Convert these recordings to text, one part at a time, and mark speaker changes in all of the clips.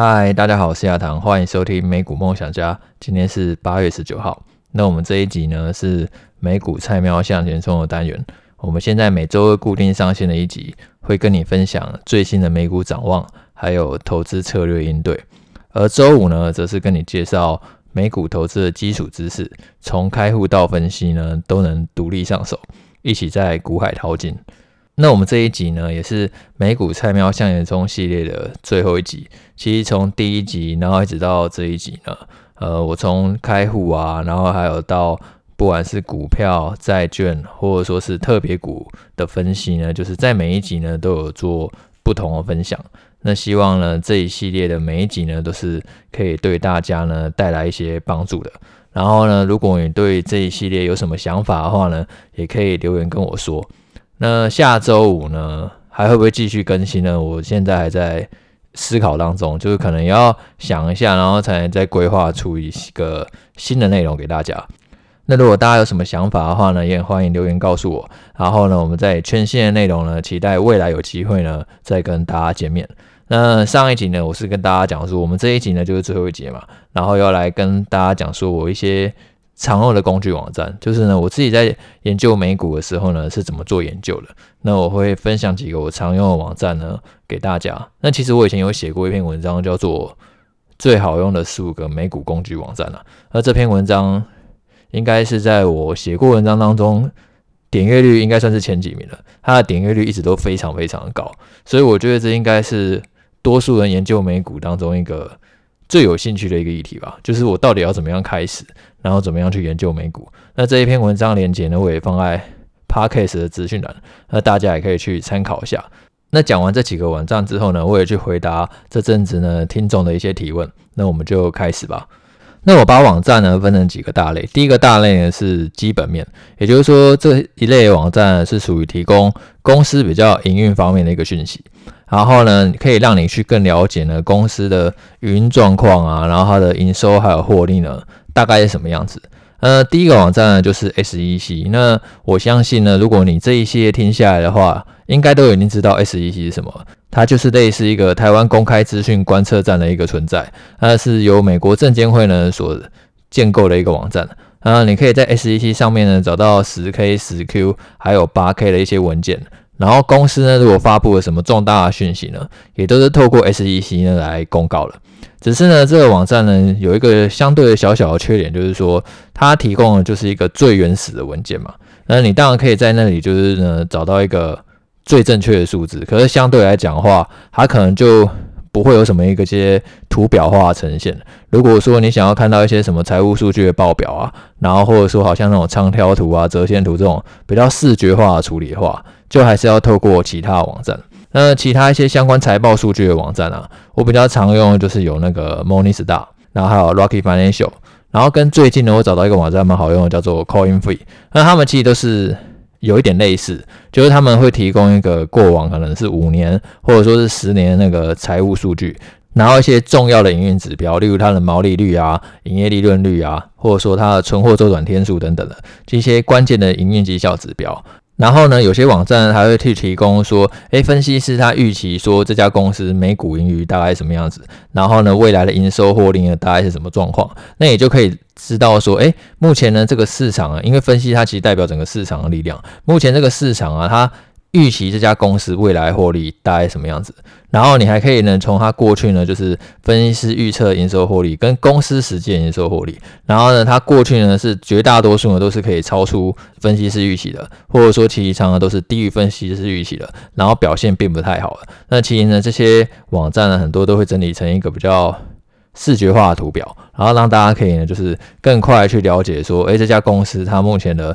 Speaker 1: 嗨，Hi, 大家好，我是亞棠，歡迎收聽美股夢想家。今天是八月十九號，那我們這一集呢是美股菜喵向前衝的單元。我們現在每周二固定上線的一集，會跟你分享最新的美股展望，還有投資策略應對。而周五呢，則是跟你介紹美股投資的基礎知識，從開戶到分析呢，都能獨立上手，一起在股海淘金。那我們這一集呢，也是美股菜喵向前衝系列的最後一集。其實從第一集，然後一直到這一集呢，呃，我從開戶啊，然後還有到不管是股票、債券，或者說，是特別股的分析呢，就是在每一集呢，都有做不同的分享。那希望呢，這一系列的每一集呢，都是可以對大家呢帶來一些幫助的。然後呢，如果你對這一系列有什麼想法的話呢，也可以留言跟我說。那下週五呢，還會不會繼續更新呢？我現在還在思考當中，就是可能要想一下，然後才能再規劃出一個新的內容給大家。那如果大家有什麼想法的話呢，也歡迎留言告訴我。然後呢，我們再全新的內容呢，期待未來有機會呢，再跟大家見面。那上一集呢，我是跟大家講說，我們這一集呢，就是最後一集嘛，然後要來跟大家講說我一些。常用的工具網站，就是呢，我自己在研究美股的時候呢，是怎麼做研究的。那我會分享幾個我常用的網站呢給大家。那其實我以前有寫過一篇文章，叫做《最好用的十五個美股工具網站》啊。那這篇文章應該是在我寫過文章當中，點閱率應該算是前幾名了。它的點閱率一直都非常非常的高，所以我覺得這應該是多數人研究美股當中一個最有興趣的一個議題吧，就是我到底要怎麼樣開始，然後怎麼樣去研究美股。那這一篇文章連結呢，我也放在 Podcast 的資訊欄，那大家也可以去參考一下。那講完這幾個網站之後呢，我也去回答這陣子呢聽眾的一些提問。那我們就開始吧。那我把網站呢分成幾個大類，第一個大類呢是基本面，也就是說這一類的網站呢是屬於提供公司比較營運方面的一個訊息。然後呢，可以讓你去更了解呢公司的運營狀況啊，然後它的營收還有獲利呢，大概是什麼樣子？呃，第一個網站呢就是 SEC。那我相信呢，如果你這一些聽下來的話，應該都已經知道 SEC 是什麼。它就是類似一個台灣公開資訊觀測站的一個存在，它是由美國證監會呢所建構的一個網站。然、呃、你可以在 SEC 上面呢找到 10K、10Q 還有 8K 的一些文件。然後公司呢，如果發佈了什麼重大的訊息呢，也都是透過 SEC 呢來公告了。只是呢，這個網站呢有一個相對的小小的缺點，就是說它提供的就是一個最原始的文件嘛。那你當然可以在那裡就是呢找到一個最正確的數字，可是相對來講的話，它可能就。不會有什麼一個些圖表化的呈現，如果說你想要看到一些什麼財務數據的報表啊，然後或者說好像那種長條圖啊、折線圖這種比較視覺化的處理的話，就還是要透過其他的網站。那其他一些相關財報數據的網站啊，我比較常用的就是有那個 Morningstar，然後還有 Rocky Financial，然後跟最近呢，我找到一個網站蠻好用的，叫做 Coin Free。那他們其實都是。有一點類似，就是他們會提供一個過往，可能是五年或者説是十年那個財務數據，然後一些重要的營運指標，例如它的毛利率啊、營業利潤率啊，或者說它的存貨周轉天數等等的，這些關鍵的營運績效指標。然後呢，有些網站還會去提供說，哎，分析師他預期說這家公司每股盈餘大概是什麼樣子，然後呢，未來的營收獲利呢大概是什麼狀況，那也就可以知道說，哎，目前呢這個市場啊，因為分析它其實代表整個市場的力量，目前這個市場啊，它。預期這家公司未來獲利大概什麼樣子？然後你還可以呢，從它過去呢，就是分析師預測營收獲利跟公司實際營收獲利，然後呢，它過去呢是絕大多數呢都是可以超出分析師預期的，或者說其實常常都是低於分析師預期的，然後表現並不太好。那其實呢，這些網站呢很多都會整理成一個比較視覺化的圖表，然後讓大家可以呢就是更快去了解說，哎、欸，這家公司它目前的。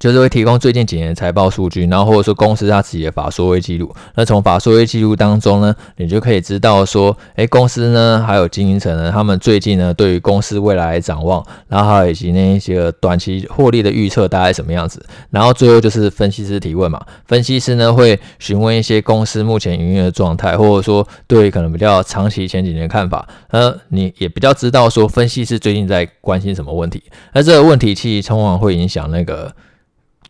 Speaker 1: 就是會提供最近幾年的財報數據，然後或者說公司它自己的法說會記錄。那從法說會記錄當中呢，你就可以知道說，哎、欸，公司呢，還有經營層呢，他們最近呢對於公司未來的展望，然後還有以及那一些短期獲利的預測大概什麼樣子。然後最後就是分析師提問嘛，分析師呢會詢問一些公司目前營運的狀態，或者說對於可能比較長期前景的看法。呃，你也比較知道說，分析師最近在關心什麼問題。那這個問題其實往往會影響那個。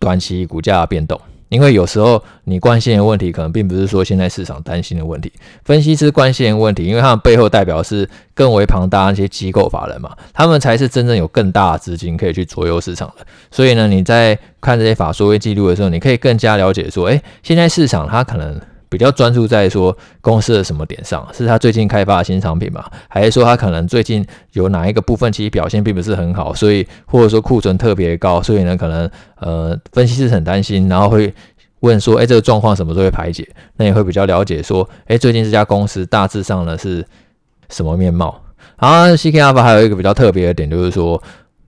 Speaker 1: 短期股價的變動，因為有時候你關心的問題可能並不是說現在市場擔心的問題。分析師關心的問題，因為他們背後代表是更為龐大那些機構法人嘛，他們才是真正有更大的資金可以去左右市場的。所以呢，你在看這些法說會記錄的時候，你可以更加了解說，哎、欸，現在市場它可能。比較專注在說公司的什麼點上，是它最近開發的新產品嗎？還是說它可能最近有哪一個部分其實表現並不是很好，所以或者說庫存特別高，所以呢可能呃分析師很擔心，然後會問說，哎、欸，這個狀況什麼時候會排解？那也會比較了解說，哎、欸，最近這家公司大致上呢是什麼面貌？然後 Seeking Alpha 還有一個比較特別的點就是說，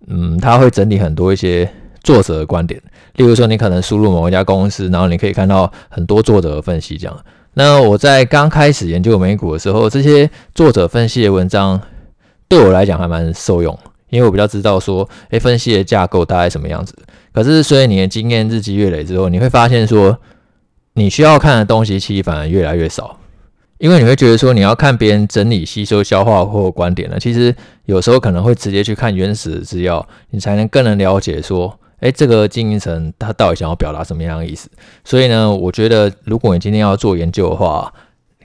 Speaker 1: 嗯，他會整理很多一些。作者的觀點，例如說，你可能輸入某一家公司，然後你可以看到很多作者的分析這樣。那我在剛開始研究美股的時候，這些作者分析的文章對我來講還蠻受用，因為我比較知道說，誒、欸，分析的架構大概什麼樣子。可是，所以你的經驗日積月累之後，你會發現說，你需要看的東西其實反而越來越少，因為你會覺得說，你要看別人整理、吸收、消化或觀點呢，其實有時候可能會直接去看原始資料，你才能更能了解說。誒、欸，這個經營層他到底想要表達什麼樣的意思？所以呢，我覺得如果你今天要做研究的話，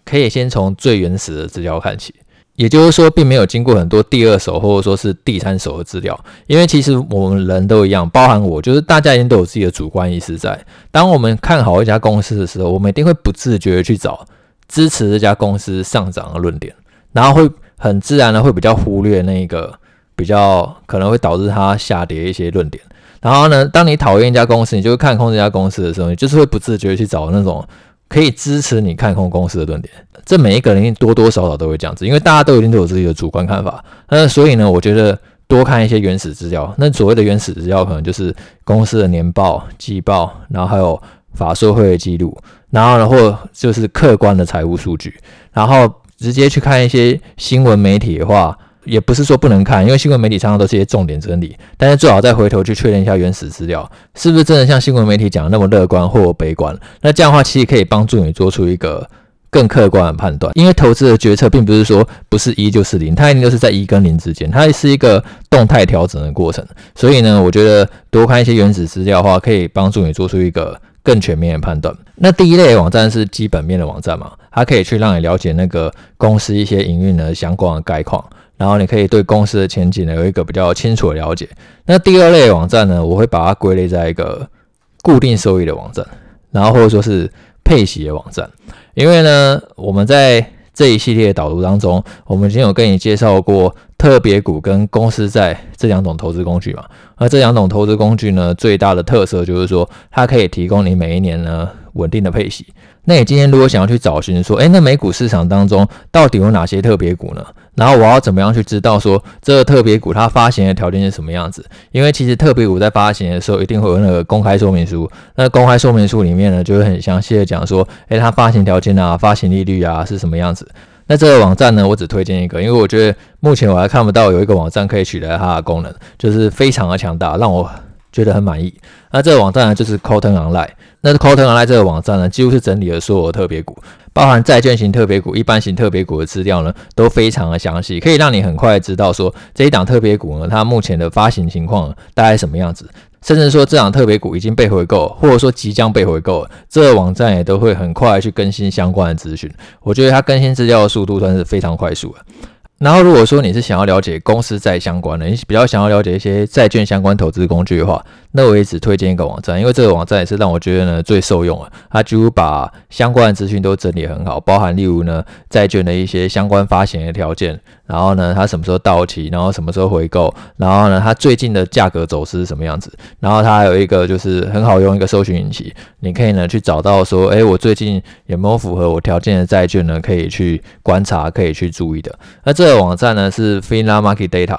Speaker 1: 可以先從最原始的資料看起，也就是說，並沒有經過很多第二手或者說是第三手的資料，因為其實我們人都一樣，包含我，就是大家已經都有自己的主觀意識在。當我們看好一家公司的時候，我們一定會不自覺地去找支持這家公司上漲的論點，然後會很自然的會比較忽略那個比較可能會導致它下跌一些論點。然後呢，當你討厭一家公司，你就會看空這家公司的時候，你就是會不自覺去找那種可以支持你看空公司的論點。這每一個人多多少少都會這樣子，因為大家都一定都有自己的主觀看法。那所以呢，我覺得多看一些原始資料。那所謂的原始資料，可能就是公司的年報、季報，然後還有法說會議記錄，然後然後就是客觀的財務數據，然後直接去看一些新聞媒體的話。也不是說不能看，因為新聞媒體常常都是一些重點整理，但是最好再回頭去確認一下原始資料，是不是真的像新聞媒體講的那麼樂觀或悲觀？那這樣的話，其實可以幫助你做出一個更客觀的判斷。因為投資的決策並不是說不是一就是零，它一定都是在一跟零之間，它是一個動態調整的過程。所以呢，我覺得多看一些原始資料的話，可以幫助你做出一個更全面的判斷。那第一類的網站是基本面的網站嘛，它可以去讓你了解那個公司一些營運的相關的概況。然後你可以對公司的前景呢有一個比較清楚的了解。那第二類的網站呢，我會把它歸類在一個固定收益的網站，然後或者說是配息的網站。因為呢，我們在這一系列的導讀當中，我們已經有跟你介紹過特別股跟公司債這兩種投資工具嘛。那這兩種投資工具呢，最大的特色就是說，它可以提供你每一年呢穩定的配息。那你今天如果想要去找尋說，哎，那美股市場當中到底有哪些特別股呢？然後我要怎麼樣去知道說這個特別股它發行的條件是什麼樣子？因為其實特別股在發行的時候一定會有那個公開說明書，那公開說明書裡面呢就會很詳細的講說，誒，它發行條件啊、發行利率啊是什麼樣子。那這個網站呢，我只推薦一個，因為我覺得目前我還看不到有一個網站可以取代它的功能，就是非常的強大，讓我。覺得很滿意。那這個網站呢，就是 Coten Online。那 Coten Online 這個網站呢，幾乎是整理了所有的特別股，包含債券型特別股、一般型特別股的資料呢，都非常的詳細，可以讓你很快知道說這一檔特別股呢，它目前的發行情況大概什麼樣子。甚至說，這檔特別股已經被回購，或者說即將被回購，這個網站也都會很快去更新相關的資訊。我覺得它更新資料的速度算是非常快速啊。然後，如果說你是想要了解公司債相關的，你比較想要了解一些債券相關投資工具的話。那我也只推薦一個網站，因為這個網站也是讓我覺得呢最受用啊。它幾乎把相關的資訊都整理得很好，包含例如呢債券的一些相關發行的條件，然後呢它什麼時候到期，然後什麼時候回購，然後呢它最近的價格走勢是什麼樣子，然後它還有一個就是很好用一個搜尋引擎，你可以呢去找到說，哎、欸，我最近有沒有符合我條件的債券呢？可以去觀察，可以去注意的。那這個網站呢是 FINRA Market Data。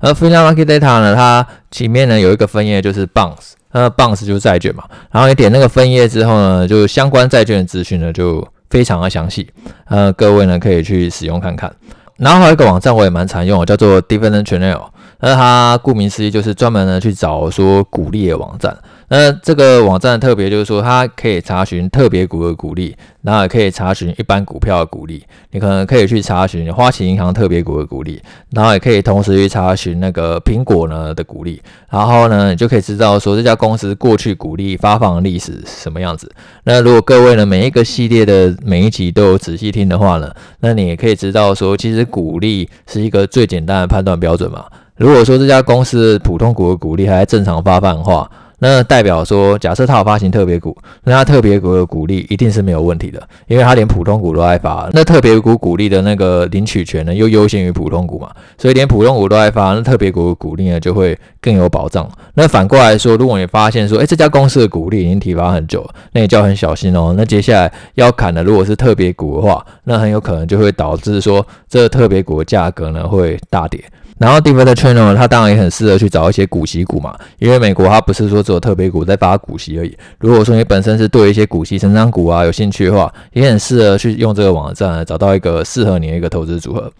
Speaker 1: 而 f i n a l Market Data 呢，它前面呢有一個分頁就是 b o u n c e 那 b o u n c e 就是債券嘛，然後你點那個分頁之後呢，就相關債券的資訊呢就非常的詳細，呃，各位呢可以去使用看看。然後還有一個網站我也蠻常用的，叫做 d i v e r e n t Channel。那他顧名思義就是專門呢去找說股利的網站。那這個網站特別就是說，它可以查詢特別股的股利，然後也可以查詢一般股票的股利。你可能可以去查詢花旗銀行特別股的股利，然後也可以同時去查詢那個蘋果呢的股利。然後呢，你就可以知道說這家公司過去股利發放歷史是什麼樣子。那如果各位呢每一個系列的每一集都有仔細聽的話呢，那你也可以知道說，其實股利是一個最簡單的判斷標準嘛。如果說這家公司普通股的股利還在正常發放的話，那代表說，假設它有發行特別股，那它特別股的股利一定是沒有問題的，因為它連普通股都愛發，那特別股股利的那個領取權呢，又優先於普通股嘛，所以連普通股都愛發，那特別股的股利呢就會更有保障。那反過來說，如果你發現說，哎，這家公司的股利已經提拔很久，那你就要很小心哦。那接下來要砍的，如果是特別股的話，那很有可能就會導致說，這特別股的價格呢會大跌。然後 Dividend Channel 它當然也很適合去找一些股息股嘛，因為美國它不是說只有特別股在發股息而已。如果說你本身是對一些股息成長股啊有興趣的話，也很適合去用這個網站來找到一個適合你的一個投資組合。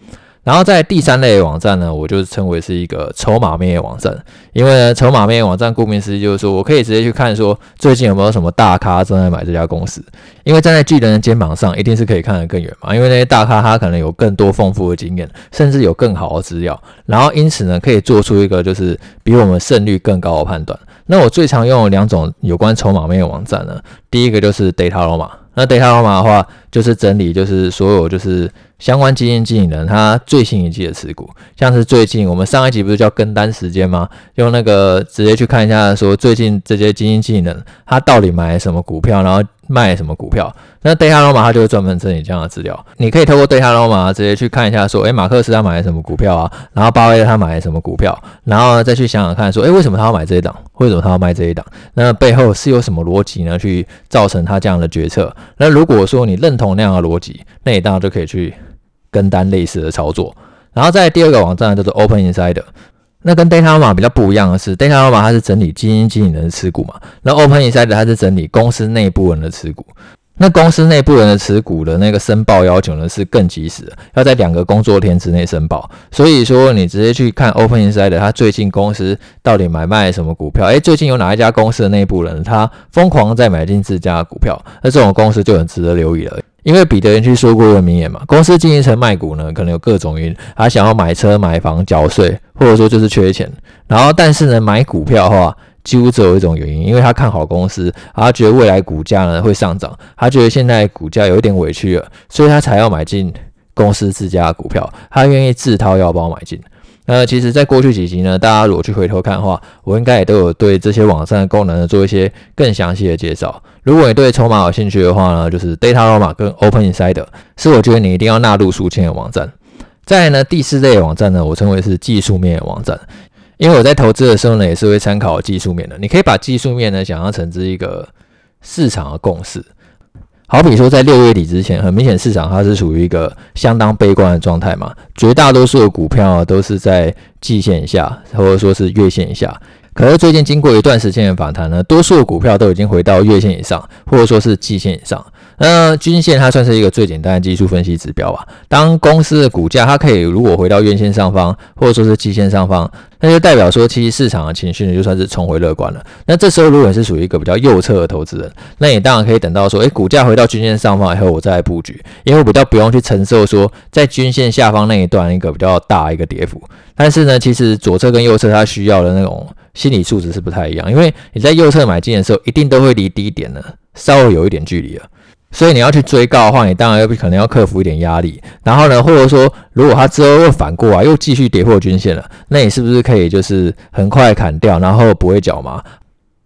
Speaker 1: 然後在第三類的網站呢，我就稱為是一個籌碼面網站，因為呢，籌碼面網站顧名思義就是說我可以直接去看說最近有沒有什麼大咖正在買這家公司，因為站在巨人的肩膀上一定是可以看得更遠嘛，因為那些大咖他可能有更多豐富的經驗，甚至有更好的資料，然後因此呢，可以做出一個就是比我們勝率更高的判斷。那我最常用兩種有關籌碼面網站呢，第一個就是 DataRoma，那 DataRoma 的話就是整理就是所有就是。相關基金經理人他最新一季的持股，像是最近我們上一集不是叫跟單時間嗎？用那個直接去看一下，說最近這些基金經理人他到底買什麼股票，然後賣什麼股票。那 DataRoma 他就會專門整理這樣的資料，你可以透過 DataRoma 直接去看一下，說哎、欸，馬克斯他買了什麼股票啊？然後巴菲特他買了什麼股票？然後再去想想看，說哎、欸，為什麼他要買這一檔？為什麼他要賣這一檔？那背後是有什麼邏輯呢？去造成他這樣的決策？那如果說你認同那樣的邏輯，那你當然就可以去。跟單類似的操作。然後在，第二個網站就是 Open Insider，那跟 Dataroma 比較不一樣的是，Dataroma 它，是整理基金經理人的持股嘛，那 Open Insider 它是整理公司內部人的持股。那公司內部人的持股的那個申報要求呢，是更及時的，要在兩個工作天之內申報。所以說，你直接去看 Open Insider，他最近公司到底買賣什麼股票？誒、欸，最近有哪一家公司的內部人他瘋狂在買進自家股票？那這種公司就很值得留意了。因為彼得·林奇說過一個名言嘛，公司經營層賣股呢，可能有各種原因，他想要買車、買房、繳稅，或者說就是缺錢。然後，但是呢，買股票的話。幾乎只有一種原因，因為他看好公司，他覺得未來股價呢會上漲，他覺得現在股價有一點委屈了，所以他才要買進公司自家的股票，他願意自掏腰包買進。那其實，在過去幾集呢，大家如果去回頭看的話，我應該也都有對這些網站的功能做一些更詳細的介紹。如果你對籌碼有興趣的話呢，就是 Data Roma 跟 Open Insider 是我覺得你一定要納入書籤的網站。再來呢，第四類的網站呢，我稱為是技術面的網站。因為我在投資的時候呢，也是會參考技術面的。你可以把技術面呢想象成是一個市場的共識。好比說，在六月底之前，很明顯市場它是處於一個相當悲觀的狀態嘛，絕大多數的股票啊，都是在季線以下，或者說是月線以下。可是最近經過一段時間的反彈呢，多數的股票都已經回到月線以上，或者說是季線以上。那均線它算是一個最簡單的技術分析指標吧。當公司的股價它可以如果回到月線上方，或者說是季線上方，那就代表說，其實市場的情緒呢，就算是重回樂觀了。那這時候，如果你是屬於一個比較右側的投資人，那你當然可以等到說，哎，股價回到均線上方以後，我再來布局，因為比較不用去承受說在均線下方那一段一個比較大一個跌幅。但是呢，其實左側跟右側它需要的那種心理素質是不太一樣，因為你在右側買進的時候，一定都會離低點呢稍微有一點距離了。所以你要去追高的話，你當然又可能要克服一點壓力。然後呢，或者說如果它之後又反過來，又繼續跌破均線了，那你是不是可以就是很快砍掉，然後不會繳嘛？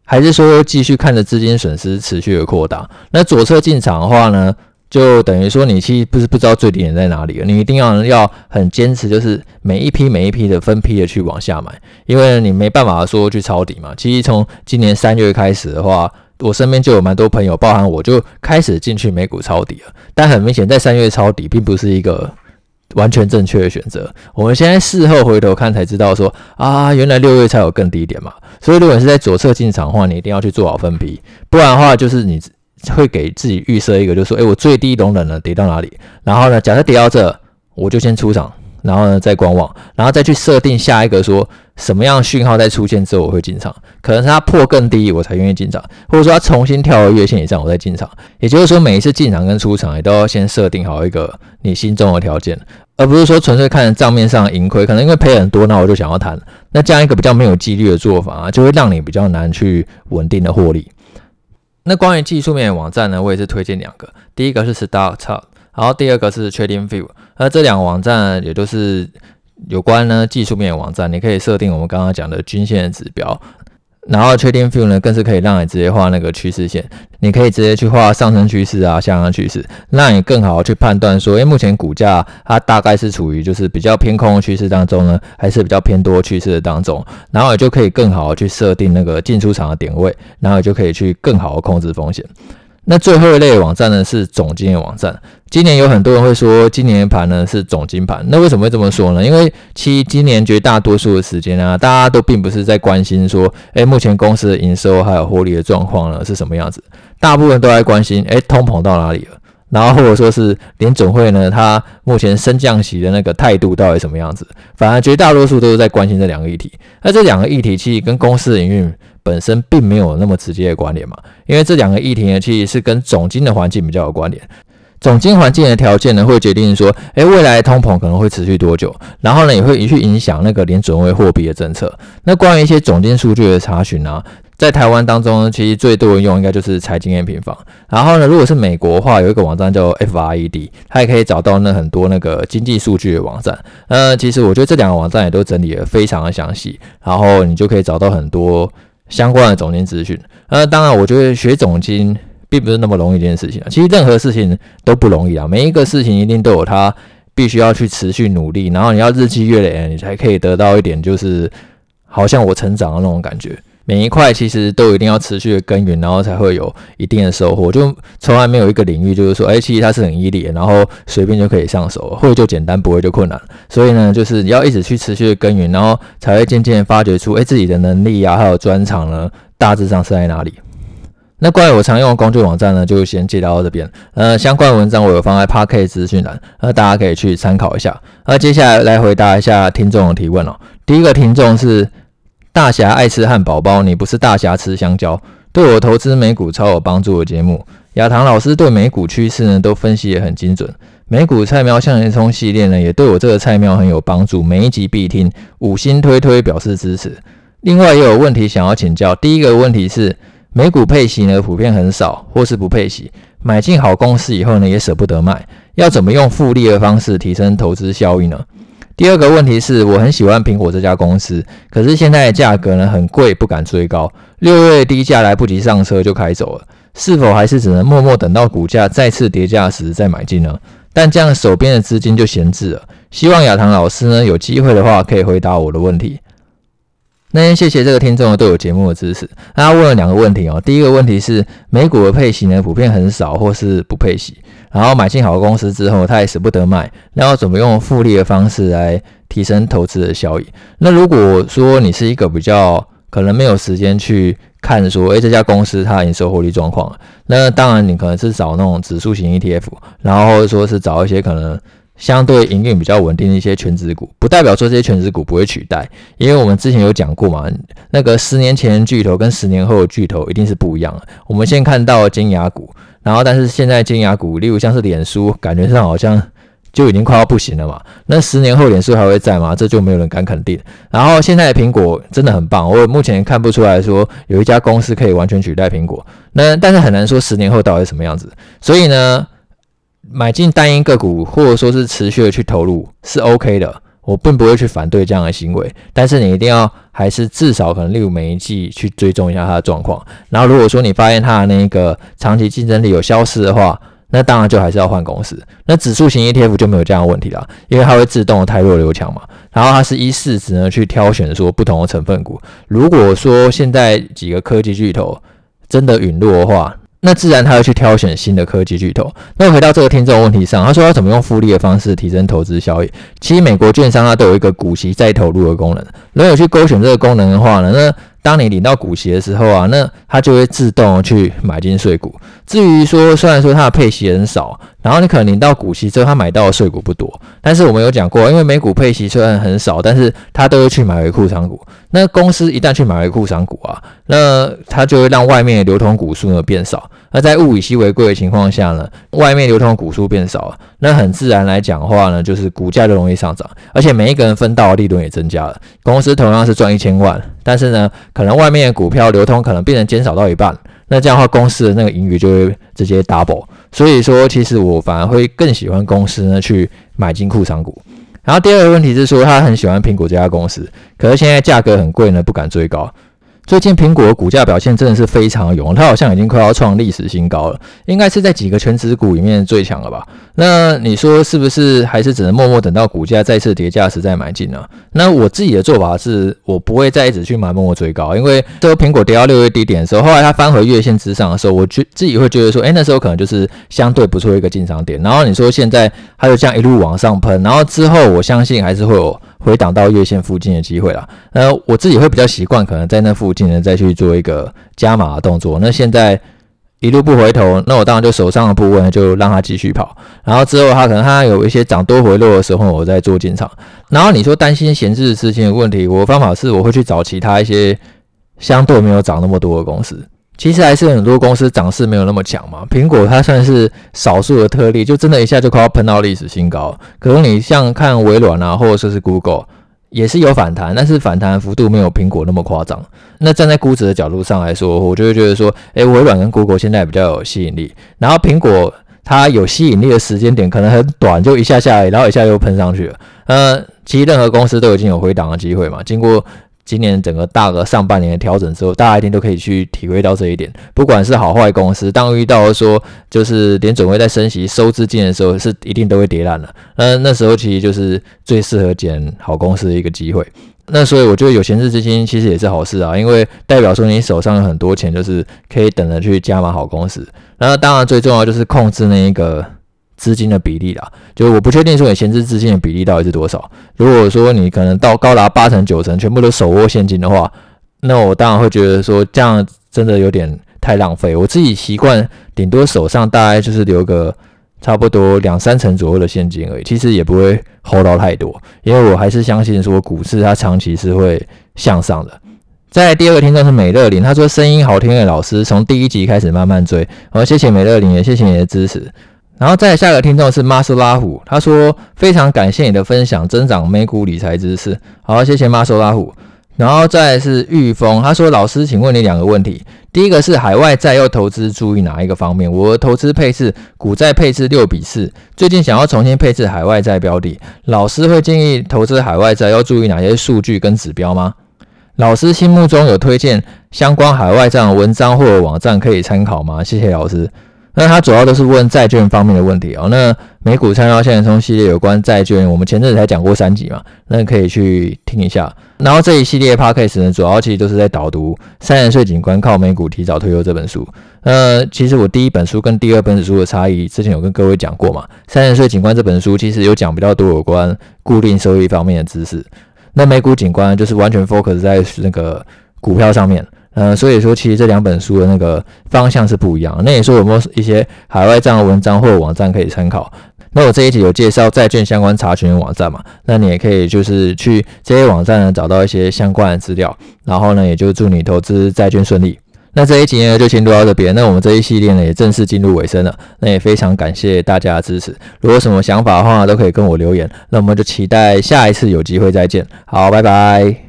Speaker 1: 還是說繼續看着資金損失持續的擴大？那左側進場的話呢，就等於說你其實不是不知道最低點在哪裡了，你一定要要很堅持，就是每一批每一批的分批的去往下買，因為你沒辦法說去抄底嘛。其實從今年三月開始的話。我身邊就有蠻多朋友，包含我就開始進去美股抄底了。但很明顯，在三月抄底並不是一個完全正確的選擇。我們現在事後回頭看才知道說，說啊，原來六月才有更低點嘛。所以，如果你是在左側進場的話，你一定要去做好分批，不然的話，就是你會給自己預設一個，就是說，哎、欸，我最低容忍的跌到哪裡？然後呢，假設跌到這，我就先出場，然後呢，再觀望，然後再去設定下一個說。什麼樣的訊號在出現之後我會進場，可能是它破更低我才願意進場，或者說它重新跳到月線以上我再進場。也就是說，每一次進場跟出場也都要先設定好一個你心中的條件，而不是說純粹看賬面上盈虧。可能因為賠很多，那我就想要談。那這樣一個比較沒有紀律的做法啊，就會讓你比較難去穩定的獲利。那關於技術面的網站呢，我也是推薦兩個，第一個是 StockCharts，然後第二個是 Trading View。那這兩個網站也都是。有關呢技術面的網站，你可以設定我們剛剛講的均線的指標，然後 Trading View 呢更是可以讓你直接畫那個趨勢線，你可以直接去畫上升趨勢啊、下降趨勢，讓你更好的去判斷說，哎、欸，目前股價它大概是處於就是比較偏空趨勢當中呢，還是比較偏多趨勢的當中，然後你就可以更好的去設定那個進出場的點位，然後你就可以去更好的控制風險。那最後一類的網站呢是總經的網站。今年有很多人會說，今年盤呢是總經盤。那為什麼會這麼說呢？因為其實今年絕大多數的時間啊，大家都並不是在關心說，哎、欸，目前公司的營收還有獲利的狀況呢是什麼樣子。大部分都在關心，哎、欸，通膨到哪裡了？然後或者說是聯準會呢，他目前升降息的那個態度到底什麼樣子？反而絕大多數都是在關心這兩個議題。那這兩個議題其實跟公司的營運，本身並沒有那麼直接的關聯嘛，因為這兩個議題呢，其實是跟總經的環境比較有關聯。總經環境的條件呢，會決定說，誒、欸，未來通膨可能會持續多久，然後呢，也會去影響那個聯準會貨幣的政策。那關於一些總經數據的查詢啊，在台灣當中，其實最多人用應該就是財經 M 平方。然後呢，如果是美國的話，有一個網站叫 FRED，它也可以找到那很多那個經濟數據的網站。那其實我覺得這兩個網站也都整理得非常的詳細，然後你就可以找到很多。相關的總經資訊，那當然，我覺得學總經並不是那麼容易一件事情，其實任何事情都不容易啊，每一個事情一定都有它必須要去持續努力，然後你要日積月累，你才可以得到一點，就是好像我成長的那種感覺。每一塊其實都一定要持續的耕耘，然後才會有一定的收穫。就從來沒有一個領域，就是說，哎、欸，其實它是很 easy，然後隨便就可以上手，會就簡單，不會就困難。所以呢，就是要一直去持續的耕耘，然後才會漸漸發掘出，哎、欸，自己的能力呀、啊，還有專長呢，大致上是在哪裡。那關於我常用的工具網站呢，就先介紹到這邊。呃，相關的文章我有放在 Podcast 資訊欄，那大家可以去參考一下。那、啊、接下來來回答一下聽眾的提問哦、喔。第一個聽眾是。大俠愛吃漢堡包，你不是大俠吃香蕉，對我投資美股超有幫助的節目。亞堂老師對美股趨勢呢都分析得很精準，美股菜喵向前衝系列呢也對我這個菜喵很有幫助，每一集必聽，五星推推表示支持。另外也有問題想要請教，第一個問題是美股配息呢普遍很少，或是不配息，買進好公司以後呢也捨不得賣，要怎麼用複利的方式提升投資效益呢？第二個問題是我很喜歡蘋果這家公司，可是現在的價格呢，很貴，不敢追高。六月的低價來不及上車就開走了，是否還是只能默默等到股價再次跌價時再買進呢？但這樣手邊的資金就閒置了。希望亞棠老師呢，有機會的話可以回答我的問題。那先謝謝這個聽眾的對我節目的支持。那他問了兩個問題哦、喔，第一個問題是美股的配息呢普遍很少或是不配息，然後買進好的公司之後他也捨不得賣，那要怎麼用複利的方式來提升投資的效益？那如果說你是一個比較可能沒有時間去看說，誒、欸、這家公司它已經收獲利狀況，那當然你可能是找那種指數型 ETF，然後或者說是找一些可能。相對營運比較穩定的一些權值股，不代表說這些權值股不會取代，因為我們之前有講過嘛，那個十年前巨頭跟十年後的巨頭一定是不一樣的，我們先看到尖牙股，然後但是現在尖牙股，例如像是臉書，感覺上好像就已經快要不行了嘛。那十年後臉書還會在嗎？這就沒有人敢肯定。然後現在的蘋果真的很棒，我目前看不出來說有一家公司可以完全取代蘋果。那但是很難說十年後到底是什麼樣子，所以呢，買進單一個股，或者說是持續的去投入是 OK 的，我並不會去反對這樣的行為。但是你一定要還是至少可能利用每一季去追蹤一下它的狀況。然後如果說你發現它的那個長期競爭力有消失的話，那當然就還是要換公司。那指數型 ETF 就沒有這樣的問題啦，因為它會自動的汰弱留強嘛。然後它是依市值呢去挑選說不同的成分股。如果說現在幾個科技巨頭真的隕落的話，那自然他要去挑選新的科技巨頭。那回到這個聽眾問題上，他說要怎麼用複利的方式提升投資效益？其實美國券商它都有一個股息再投入的功能，如果有去勾選這個功能的話呢，那。當你領到股息的時候啊，那他就會自動去買進稅股。至於說，雖然說他的配息很少，然後你可能領到股息之後，他買到的稅股不多，但是我們有講過，因為美股配息雖然很少，但是他都會去買回庫藏股。那公司一旦去買回庫藏股啊，那他就會讓外面的流通股數呢變少。那在物以稀為貴的情況下呢，外面流通股數變少了，那很自然來講的話呢，就是股價就容易上漲，而且每一個人分到的利潤也增加了。公司同樣是賺一千萬，但是呢。可能外面的股票流通可能變成減少到一半，那這樣的話，公司的那個盈餘就會直接 double，所以說其實我反而會更喜歡公司呢去買進庫藏股。然後第二個問題是說，他很喜歡蘋果這家公司，可是現在價格很貴呢，不敢追高。最近蘋果的股價表現真的是非常勇，它好像已經快要創歷史新高了，應該是在幾個權值股裡面最強了吧？那你說是不是還是只能默默等到股價再次跌價時再買進呢、啊？那我自己的做法是，我不會再一直去買默默追高，因為這個蘋果跌到六月低點的時候，後來它翻回月線之上的時候，我覺自己會覺得說，哎、欸，那時候可能就是相對不錯一個進場點。然後你說現在它就這樣一路往上噴，然後之後我相信還是會有。回檔到月線附近的機會啦，那我自己會比較習慣，可能在那附近呢再去做一個加碼的動作。那現在一路不回頭，那我當然就手上的部位就讓它繼續跑，然後之後它可能它有一些漲多回落的時候，我再做進場。然後你說擔心閒置資金的問題，我的方法是我會去找其他一些相對沒有漲那麼多的公司。其實還是很多公司漲勢沒有那麼強嘛，蘋果它算是少數的特例，就真的一下就快要噴到歷史新高。可是你像看微軟啊，或者說是 Google，也是有反彈，但是反彈幅度沒有蘋果那麼誇張。那站在估值的角度上來說，我就會覺得說，誒，微軟跟 Google 現在比較有吸引力。然後蘋果它有吸引力的時間點可能很短，就一下下來，然後一下又噴上去了。嗯，其實任何公司都已經有回檔的機會嘛，經過。今年整個大額上半年的調整之後，大家一定都可以去體會到這一點。不管是好壞公司，當遇到說就是聯準會在升息收資金的時候，是一定都會跌爛了。那那時候其實就是最適合撿好公司的一個機會。那所以我覺得有閒置資金其實也是好事啊，因為代表說你手上有很多錢，就是可以等着去加碼好公司。那當然最重要就是控制那一個。資金的比例啦，就我不確定說你閒置資金的比例到底是多少。如果說你可能到高達八成九成全部都手握現金的話，那我當然會覺得說這樣真的有點太浪費。我自己習慣頂多手上大概就是留個差不多兩三成左右的現金而已，其實也不會 hold 到太多，因為我還是相信說股市它長期是會向上的。在第二個聽眾是美樂林。他說，聲音好聽的老師，從第一集開始慢慢追，好、嗯、謝謝美樂林，也謝謝你的支持。然後再下一個聽眾是馬蘇拉虎，他說非常感謝你的分享，增長美股理財知識。好，謝謝馬蘇拉虎。然後再是玉峰，他說老師，請問你兩個問題。第一個是海外債又投資注意哪一個方面？我的投資配置股債配置六比四，最近想要重新配置海外債標的，老師會建議投資海外債要注意哪些數據跟指標嗎？老師心目中有推薦相關海外債的文章或網站可以參考嗎？謝謝老師。那它主要都是問債券方面的問題哦。那美股菜喵向前衝系列有關債券，我們前陣子才講過三集嘛，那可以去聽一下。然後這一系列 podcast 呢，主要其實都是在導讀《三十歲警官靠美股提早退休》這本書。那其實我第一本書跟第二本書的差異，之前有跟各位講過嘛，《三十歲警官》這本書其實有講比較多有關固定收益方面的知識，那美股警官就是完全 focus 在那個股票上面。呃，所以說其實這兩本書的那個方向是不一樣的。那你說有沒有一些海外這樣的文章或者網站可以參考？那我這一集有介紹債券相關查詢網站嘛？那你也可以就是去這些網站呢找到一些相關的資料。然後呢，也就祝你投資債券順利。那這一集呢就先錄到這邊。那我們這一系列呢也正式進入尾聲了。那也非常感謝大家的支持。如果有什麼想法的話，都可以跟我留言。那我們就期待下一次有機會再見。好，拜拜。